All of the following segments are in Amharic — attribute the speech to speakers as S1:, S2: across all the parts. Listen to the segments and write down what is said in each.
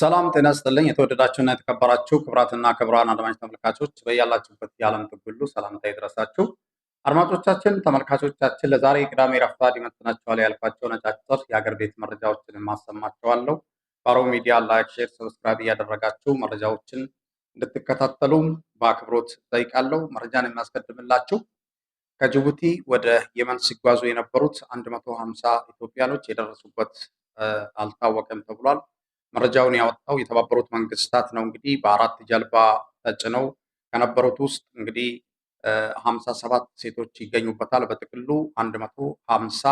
S1: ሰላም ጤና ስጥልኝ። የተወደዳችሁና የተከበራችሁ ክብራትና ክብራን አድማጭ ተመልካቾች በያላችሁበት የዓለም ትጉሉ ሁሉ ሰላምታ ይድረሳችሁ። አድማጮቻችን፣ ተመልካቾቻችን ለዛሬ ቅዳሜ ረፋድ ይመጥናችኋል ያልኳቸው ነጫጭር የአገር ቤት መረጃዎችን ማሰማችኋለሁ። ባሮ ሚዲያ ላይክ፣ ሼር፣ ሰብስክራይብ እያደረጋችሁ መረጃዎችን እንድትከታተሉም በአክብሮት ጠይቃለሁ። መረጃን የሚያስቀድምላችሁ ከጅቡቲ ወደ የመን ሲጓዙ የነበሩት 150 ኢትዮጵያኖች የደረሱበት አልታወቀም ተብሏል። መረጃውን ያወጣው የተባበሩት መንግስታት ነው። እንግዲህ በአራት ጀልባ ተጭነው ከነበሩት ውስጥ እንግዲህ ሀምሳ ሰባት ሴቶች ይገኙበታል። በጥቅሉ አንድ መቶ ሀምሳ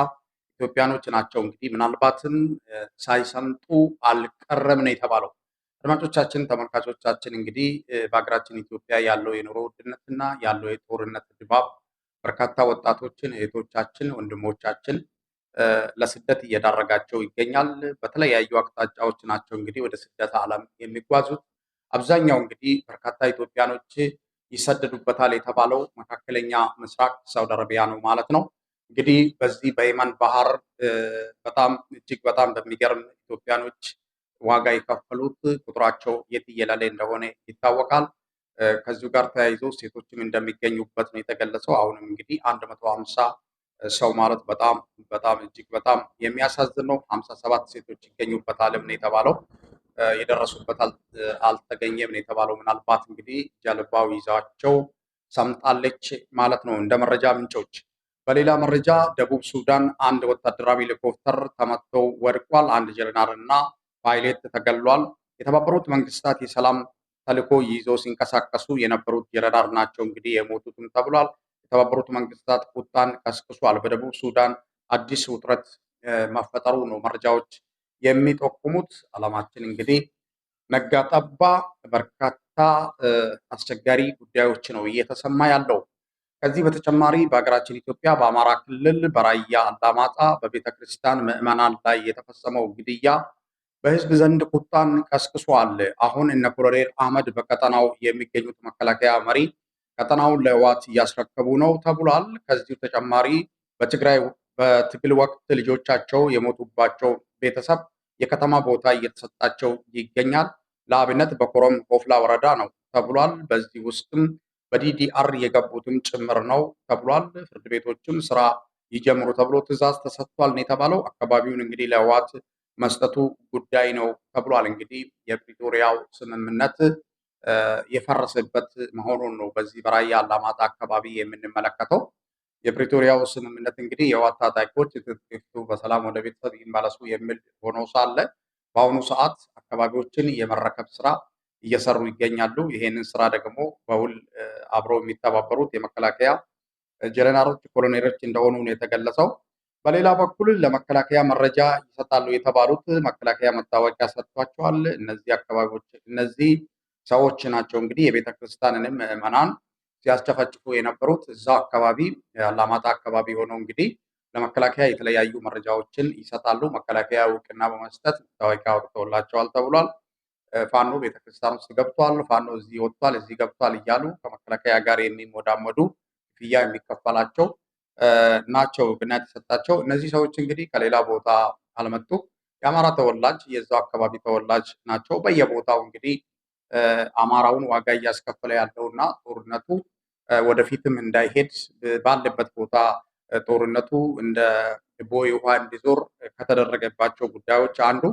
S1: ኢትዮጵያኖች ናቸው። እንግዲህ ምናልባትም ሳይሰምጡ አልቀረም ነው የተባለው። አድማጮቻችን፣ ተመልካቾቻችን እንግዲህ በሀገራችን ኢትዮጵያ ያለው የኑሮ ውድነትና ያለው የጦርነት ድባብ በርካታ ወጣቶችን እህቶቻችን፣ ወንድሞቻችን ለስደት እየዳረጋቸው ይገኛል። በተለያዩ አቅጣጫዎች ናቸው እንግዲህ ወደ ስደት ዓለም የሚጓዙት። አብዛኛው እንግዲህ በርካታ ኢትዮጵያኖች ይሰደዱበታል የተባለው መካከለኛ ምስራቅ ሳውዲ አረቢያ ነው ማለት ነው። እንግዲህ በዚህ በየመን ባህር በጣም እጅግ በጣም በሚገርም ኢትዮጵያኖች ዋጋ የከፈሉት ቁጥራቸው የት እየለለ እንደሆነ ይታወቃል። ከዚሁ ጋር ተያይዞ ሴቶችም እንደሚገኙበት ነው የተገለጸው። አሁንም እንግዲህ አንድ መቶ ሀምሳ ሰው ማለት በጣም በጣም እጅግ በጣም የሚያሳዝን ነው። ሀምሳ ሰባት ሴቶች ይገኙበታል ነው የተባለው። የደረሱበት አልተገኘም ነው የተባለው። ምናልባት እንግዲህ ጀልባው ይዛቸው ሰምጣለች ማለት ነው እንደ መረጃ ምንጮች። በሌላ መረጃ ደቡብ ሱዳን አንድ ወታደራዊ ሄሊኮፕተር ተመቶ ወድቋል። አንድ ጀነራል እና ፓይለት ተገሏል። የተባበሩት መንግስታት የሰላም ተልዕኮ ይዘው ሲንቀሳቀሱ የነበሩት ጀነራል ናቸው እንግዲህ የሞቱትም ተብሏል። የተባበሩት መንግስታት ቁጣን ቀስቅሷል። በደቡብ ሱዳን አዲስ ውጥረት መፈጠሩ ነው መረጃዎች የሚጠቁሙት። አላማችን እንግዲህ ነጋጠባ በርካታ አስቸጋሪ ጉዳዮች ነው እየተሰማ ያለው። ከዚህ በተጨማሪ በሀገራችን ኢትዮጵያ በአማራ ክልል በራያ አላማጣ በቤተ ክርስቲያን ምዕመናን ላይ የተፈጸመው ግድያ በህዝብ ዘንድ ቁጣን ቀስቅሷል። አሁን እነ ኮሎኔል አህመድ በቀጠናው የሚገኙት መከላከያ መሪ ቀጠናውን ለህወሓት እያስረከቡ ነው ተብሏል። ከዚሁ ተጨማሪ በትግራይ በትግል ወቅት ልጆቻቸው የሞቱባቸው ቤተሰብ የከተማ ቦታ እየተሰጣቸው ይገኛል። ለአብነት በኮረም ኮፍላ ወረዳ ነው ተብሏል። በዚህ ውስጥም በዲዲአር የገቡትም ጭምር ነው ተብሏል። ፍርድ ቤቶችም ስራ ይጀምሩ ተብሎ ትዕዛዝ ተሰጥቷል ነው የተባለው። አካባቢውን እንግዲህ ለህወሓት መስጠቱ ጉዳይ ነው ተብሏል። እንግዲህ የፕሪቶሪያው ስምምነት የፈረሰበት መሆኑን ነው በዚህ በራያ አላማጣ አካባቢ የምንመለከተው። የፕሪቶሪያው ስምምነት እንግዲህ የህወሓት ታጣቂዎች ትጥቅቱ በሰላም ወደ ቤተሰብ ይመለሱ የሚል ሆኖ ሳለ በአሁኑ ሰዓት አካባቢዎችን የመረከብ ስራ እየሰሩ ይገኛሉ። ይሄንን ስራ ደግሞ በውል አብረው የሚተባበሩት የመከላከያ ጀነራሎች፣ ኮሎኔሎች እንደሆኑ ነው የተገለጸው። በሌላ በኩል ለመከላከያ መረጃ ይሰጣሉ የተባሉት መከላከያ መታወቂያ ሰጥቷቸዋል። እነዚህ አካባቢዎች እነዚህ ሰዎች ናቸው እንግዲህ የቤተ ክርስቲያንንም ምዕመናን ሲያስጨፈጭፉ የነበሩት እዛ አካባቢ አላማጣ አካባቢ ሆነው እንግዲህ ለመከላከያ የተለያዩ መረጃዎችን ይሰጣሉ። መከላከያ እውቅና በመስጠት መታወቂያ አውጥተውላቸዋል ተብሏል። ፋኖ ቤተክርስቲያን ውስጥ ገብቷል፣ ፋኖ እዚህ ወጥቷል፣ እዚህ ገብቷል እያሉ ከመከላከያ ጋር የሚሞዳመዱ ክፍያ የሚከፈላቸው ናቸው እውቅና የተሰጣቸው እነዚህ ሰዎች እንግዲህ ከሌላ ቦታ አልመጡ። የአማራ ተወላጅ የዛው አካባቢ ተወላጅ ናቸው። በየቦታው እንግዲህ አማራውን ዋጋ እያስከፈለ ያለውና ጦርነቱ ወደፊትም እንዳይሄድ ባለበት ቦታ ጦርነቱ እንደ ቦይ ውሃ እንዲዞር ከተደረገባቸው ጉዳዮች አንዱ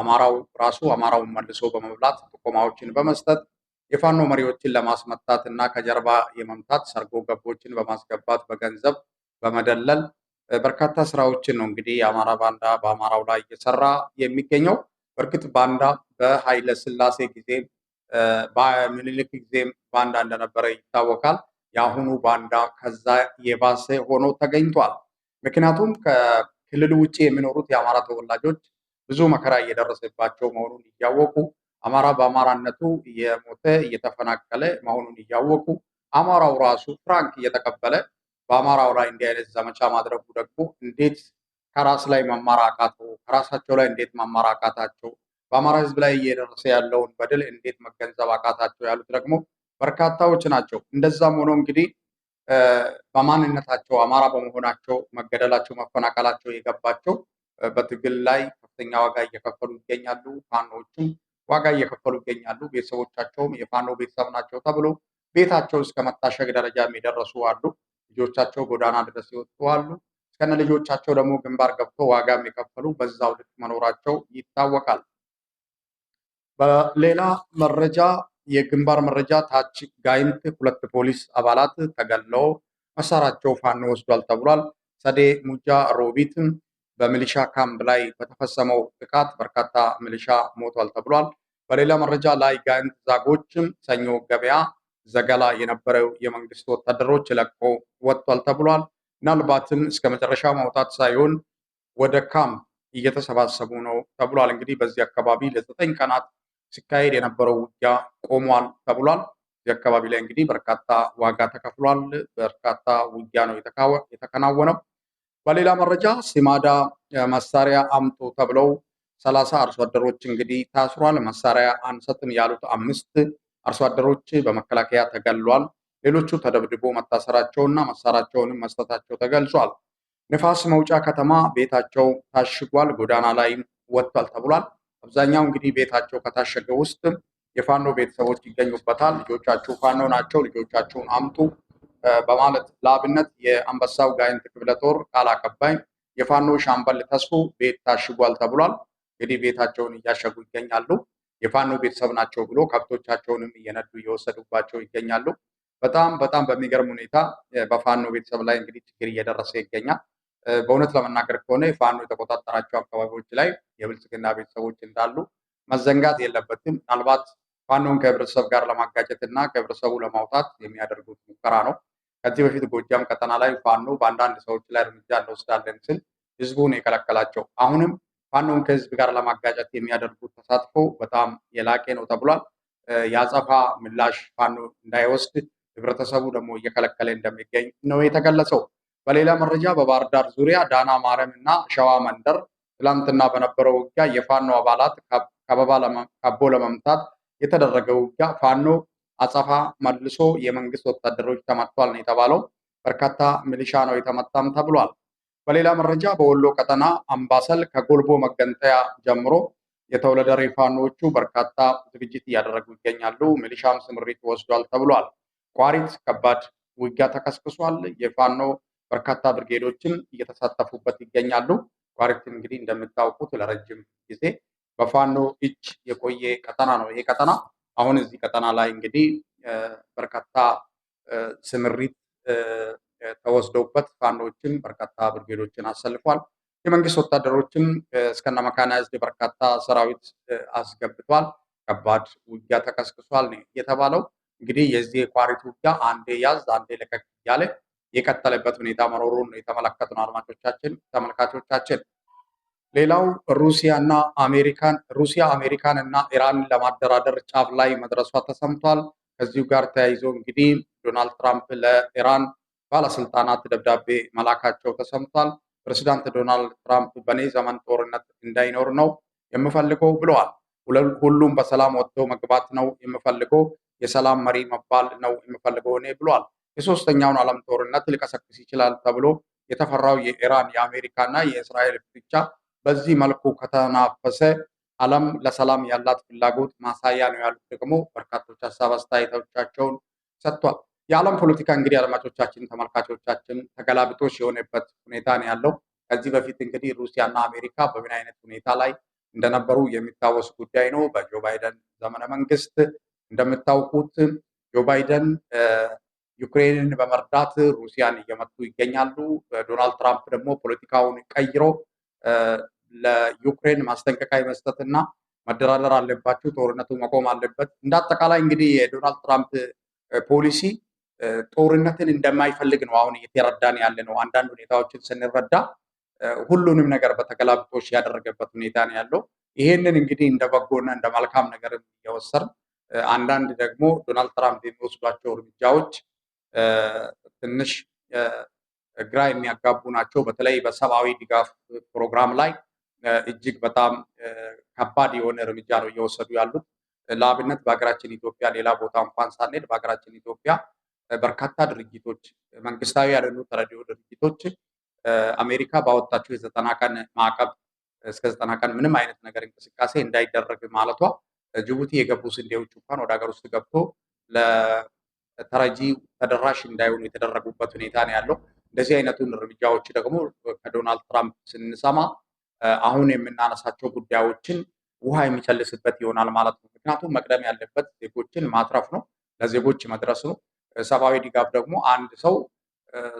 S1: አማራው ራሱ አማራውን መልሶ በመብላት ጥቆማዎችን በመስጠት የፋኖ መሪዎችን ለማስመታት እና ከጀርባ የመምታት ሰርጎ ገቦችን በማስገባት በገንዘብ በመደለል በርካታ ስራዎችን ነው እንግዲህ የአማራ ባንዳ በአማራው ላይ እየሰራ የሚገኘው። በእርግጥ ባንዳ በኃይለ ስላሴ ጊዜ ምኒልክ ጊዜም ባንዳ እንደነበረ ይታወቃል። የአሁኑ ባንዳ ከዛ የባሰ ሆኖ ተገኝቷል። ምክንያቱም ከክልል ውጭ የሚኖሩት የአማራ ተወላጆች ብዙ መከራ እየደረሰባቸው መሆኑን እያወቁ አማራ በአማራነቱ እየሞተ እየተፈናቀለ መሆኑን እያወቁ አማራው ራሱ ፍራንክ እየተቀበለ በአማራው ላይ እንዲህ አይነት ዘመቻ ማድረጉ ደግሞ እንዴት ከራስ ላይ መማር አቃተው? ከራሳቸው ላይ እንዴት መማር አቃታቸው? በአማራ ህዝብ ላይ እየደረሰ ያለውን በደል እንዴት መገንዘብ አቃታቸው ያሉት ደግሞ በርካታዎች ናቸው። እንደዛም ሆኖ እንግዲህ በማንነታቸው አማራ በመሆናቸው መገደላቸው፣ መፈናቀላቸው የገባቸው በትግል ላይ ከፍተኛ ዋጋ እየከፈሉ ይገኛሉ። ፋኖዎችም ዋጋ እየከፈሉ ይገኛሉ። ቤተሰቦቻቸውም የፋኖ ቤተሰብ ናቸው ተብሎ ቤታቸው እስከ መታሸግ ደረጃ የሚደረሱ አሉ። ልጆቻቸው ጎዳና ድረስ ይወጡ አሉ። እስከነ ልጆቻቸው ደግሞ ግንባር ገብቶ ዋጋ የሚከፈሉ በዛው ልክ መኖራቸው ይታወቃል። በሌላ መረጃ የግንባር መረጃ ታች ጋይንት ሁለት ፖሊስ አባላት ተገለው መሳሪያቸው ፋኖ ወስዷል ተብሏል። ሰዴ ሙጃ ሮቢት በሚሊሻ ካምፕ ላይ በተፈጸመው ጥቃት በርካታ ሚሊሻ ሞቷል ተብሏል። በሌላ መረጃ ላይ ጋይንት ዛጎችም ሰኞ ገበያ ዘገላ የነበረው የመንግስት ወታደሮች ለቆ ወጥቷል ተብሏል። ምናልባትም እስከ መጨረሻ ማውጣት ሳይሆን ወደ ካምፕ እየተሰባሰቡ ነው ተብሏል። እንግዲህ በዚህ አካባቢ ለዘጠኝ ቀናት ሲካሄድ የነበረው ውጊያ ቆሟል ተብሏል። እዚህ አካባቢ ላይ እንግዲህ በርካታ ዋጋ ተከፍሏል። በርካታ ውጊያ ነው የተከናወነው። በሌላ መረጃ ሲማዳ መሳሪያ አምጡ ተብለው ሰላሳ አርሶ አደሮች እንግዲህ ታስሯል። መሳሪያ አንሰጥም ያሉት አምስት አርሶ አደሮች በመከላከያ ተገሏል። ሌሎቹ ተደብድቦ መታሰራቸውና መሳሪያቸውንም መስጠታቸው ተገልጿል። ንፋስ መውጫ ከተማ ቤታቸው ታሽጓል፣ ጎዳና ላይም ወጥቷል ተብሏል። አብዛኛው እንግዲህ ቤታቸው ከታሸገ ውስጥ የፋኖ ቤተሰቦች ይገኙበታል። ልጆቻችሁ ፋኖ ናቸው፣ ልጆቻችሁን አምጡ በማለት ለአብነት የአንበሳው ጋይንት ክፍለ ጦር ቃል አቀባይ የፋኖ ሻምበል ተስፉ ቤት ታሽጓል ተብሏል። እንግዲህ ቤታቸውን እያሸጉ ይገኛሉ። የፋኖ ቤተሰብ ናቸው ብሎ ከብቶቻቸውንም እየነዱ እየወሰዱባቸው ይገኛሉ። በጣም በጣም በሚገርም ሁኔታ በፋኖ ቤተሰብ ላይ እንግዲህ ችግር እየደረሰ ይገኛል። በእውነት ለመናገር ከሆነ ፋኖ የተቆጣጠራቸው አካባቢዎች ላይ የብልጽግና ቤተሰቦች እንዳሉ መዘንጋት የለበትም። ምናልባት ፋኖን ከህብረተሰብ ጋር ለማጋጨት እና ከህብረተሰቡ ለማውጣት የሚያደርጉት ሙከራ ነው። ከዚህ በፊት ጎጃም ቀጠና ላይ ፋኖ በአንዳንድ ሰዎች ላይ እርምጃ እንወስዳለን ስል ህዝቡን የከለከላቸው አሁንም ፋኖን ከህዝብ ጋር ለማጋጨት የሚያደርጉት ተሳትፎ በጣም የላቄ ነው ተብሏል። የአጸፋ ምላሽ ፋኖ እንዳይወስድ ህብረተሰቡ ደግሞ እየከለከለ እንደሚገኝ ነው የተገለጸው። በሌላ መረጃ በባህር ዳር ዙሪያ ዳና ማርያም እና ሸዋ መንደር ትላንትና በነበረው ውጊያ የፋኖ አባላት ካቦ ለመምታት የተደረገ ውጊያ ፋኖ አጸፋ መልሶ የመንግስት ወታደሮች ተመቷል ነው የተባለው። በርካታ ሚሊሻ ነው የተመታም ተብሏል። በሌላ መረጃ በወሎ ቀጠና አምባሰል ከጎልቦ መገንጠያ ጀምሮ የተወለደሪ ፋኖቹ በርካታ ዝግጅት እያደረጉ ይገኛሉ። ሚሊሻም ስምሪት ወስዷል ተብሏል። ቋሪት ከባድ ውጊያ ተቀስቅሷል። የፋኖ በርካታ ብርጌዶችም እየተሳተፉበት ይገኛሉ። ኳሪት እንግዲህ እንደምታውቁት ለረጅም ጊዜ በፋኖ እጅ የቆየ ቀጠና ነው። ይሄ ቀጠና አሁን እዚህ ቀጠና ላይ እንግዲህ በርካታ ስምሪት ተወስዶበት ፋኖችን በርካታ ብርጌዶችን አሰልፏል። የመንግስት ወታደሮችም እስከነ መካናይዝድ በርካታ ሰራዊት አስገብቷል። ከባድ ውጊያ ተቀስቅሷል የተባለው። እንግዲህ የዚህ የኳሪት ውጊያ አንዴ ያዝ አንዴ ለቀቅ እያለ የቀጠለበት ሁኔታ መኖሩን የተመለከቱ ነው አድማጮቻችን፣ ተመልካቾቻችን። ሌላው እና አሜሪካን ሩሲያ አሜሪካን እና ኢራንን ለማደራደር ጫፍ ላይ መድረሷ ተሰምቷል። ከዚሁ ጋር ተያይዞ እንግዲህ ዶናልድ ትራምፕ ለኢራን ባለስልጣናት ደብዳቤ መላካቸው ተሰምቷል። ፕሬዚዳንት ዶናልድ ትራምፕ በእኔ ዘመን ጦርነት እንዳይኖር ነው የምፈልገው ብለዋል። ሁሉም በሰላም ወጥቶ መግባት ነው የምፈልገው፣ የሰላም መሪ መባል ነው የምፈልገው እኔ ብለዋል። የሶስተኛውን ዓለም ጦርነት ሊቀሰቅስ ይችላል ተብሎ የተፈራው የኢራን የአሜሪካና የእስራኤል ፍጥጫ በዚህ መልኩ ከተናፈሰ ዓለም ለሰላም ያላት ፍላጎት ማሳያ ነው ያሉት ደግሞ በርካቶች ሀሳብ አስተያየቶቻቸውን ሰጥቷል። የዓለም ፖለቲካ እንግዲህ አድማጮቻችን፣ ተመልካቾቻችን ተገላብጦች የሆነበት ሁኔታ ነው ያለው። ከዚህ በፊት እንግዲህ ሩሲያና አሜሪካ በምን አይነት ሁኔታ ላይ እንደነበሩ የሚታወስ ጉዳይ ነው። በጆ ባይደን ዘመነ መንግስት እንደምታውቁት ጆ ባይደን ዩክሬንን በመርዳት ሩሲያን እየመቱ ይገኛሉ። ዶናልድ ትራምፕ ደግሞ ፖለቲካውን ቀይሮ ለዩክሬን ማስጠንቀቂያ መስጠትና መደራደር አለባቸው ጦርነቱ መቆም አለበት። እንደ አጠቃላይ እንግዲህ የዶናልድ ትራምፕ ፖሊሲ ጦርነትን እንደማይፈልግ ነው አሁን እየተረዳን ያለ ነው። አንዳንድ ሁኔታዎችን ስንረዳ ሁሉንም ነገር በተገላብጦች ያደረገበት ሁኔታ ነው ያለው። ይሄንን እንግዲህ እንደ በጎና እንደ መልካም ነገር እየወሰድን አንዳንድ ደግሞ ዶናልድ ትራምፕ የሚወስዷቸው እርምጃዎች ትንሽ ግራ የሚያጋቡ ናቸው። በተለይ በሰብአዊ ድጋፍ ፕሮግራም ላይ እጅግ በጣም ከባድ የሆነ እርምጃ ነው እየወሰዱ ያሉት። ለአብነት በሀገራችን ኢትዮጵያ ሌላ ቦታ እንኳን ሳንሄድ በሀገራችን ኢትዮጵያ በርካታ ድርጅቶች መንግስታዊ ያልሆኑ ተረዲዮ ድርጅቶች አሜሪካ ባወጣቸው የዘጠና ቀን ማዕቀብ እስከ ዘጠና ቀን ምንም አይነት ነገር እንቅስቃሴ እንዳይደረግ ማለቷ ጅቡቲ የገቡ ስንዴዎች እንኳን ወደ ሀገር ውስጥ ገብቶ ተረጂ ተደራሽ እንዳይሆኑ የተደረጉበት ሁኔታ ነው ያለው። እንደዚህ አይነቱን እርምጃዎች ደግሞ ከዶናልድ ትራምፕ ስንሰማ አሁን የምናነሳቸው ጉዳዮችን ውሃ የሚጨልስበት ይሆናል ማለት ነው። ምክንያቱም መቅደም ያለበት ዜጎችን ማትረፍ ነው፣ ለዜጎች መድረስ ነው። ሰብአዊ ድጋፍ ደግሞ አንድ ሰው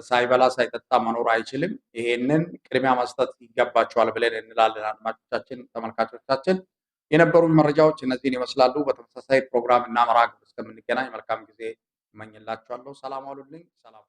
S1: ሳይበላ ሳይጠጣ መኖር አይችልም። ይሄንን ቅድሚያ መስጠት ይገባቸዋል ብለን እንላለን። አድማጮቻችን፣ ተመልካቾቻችን የነበሩ መረጃዎች እነዚህን ይመስላሉ። በተመሳሳይ ፕሮግራም እና መርሃ ግብር እስከምንገናኝ መልካም ጊዜ እመኝላችኋለሁ። ሰላም አሉልኝ። ሰላም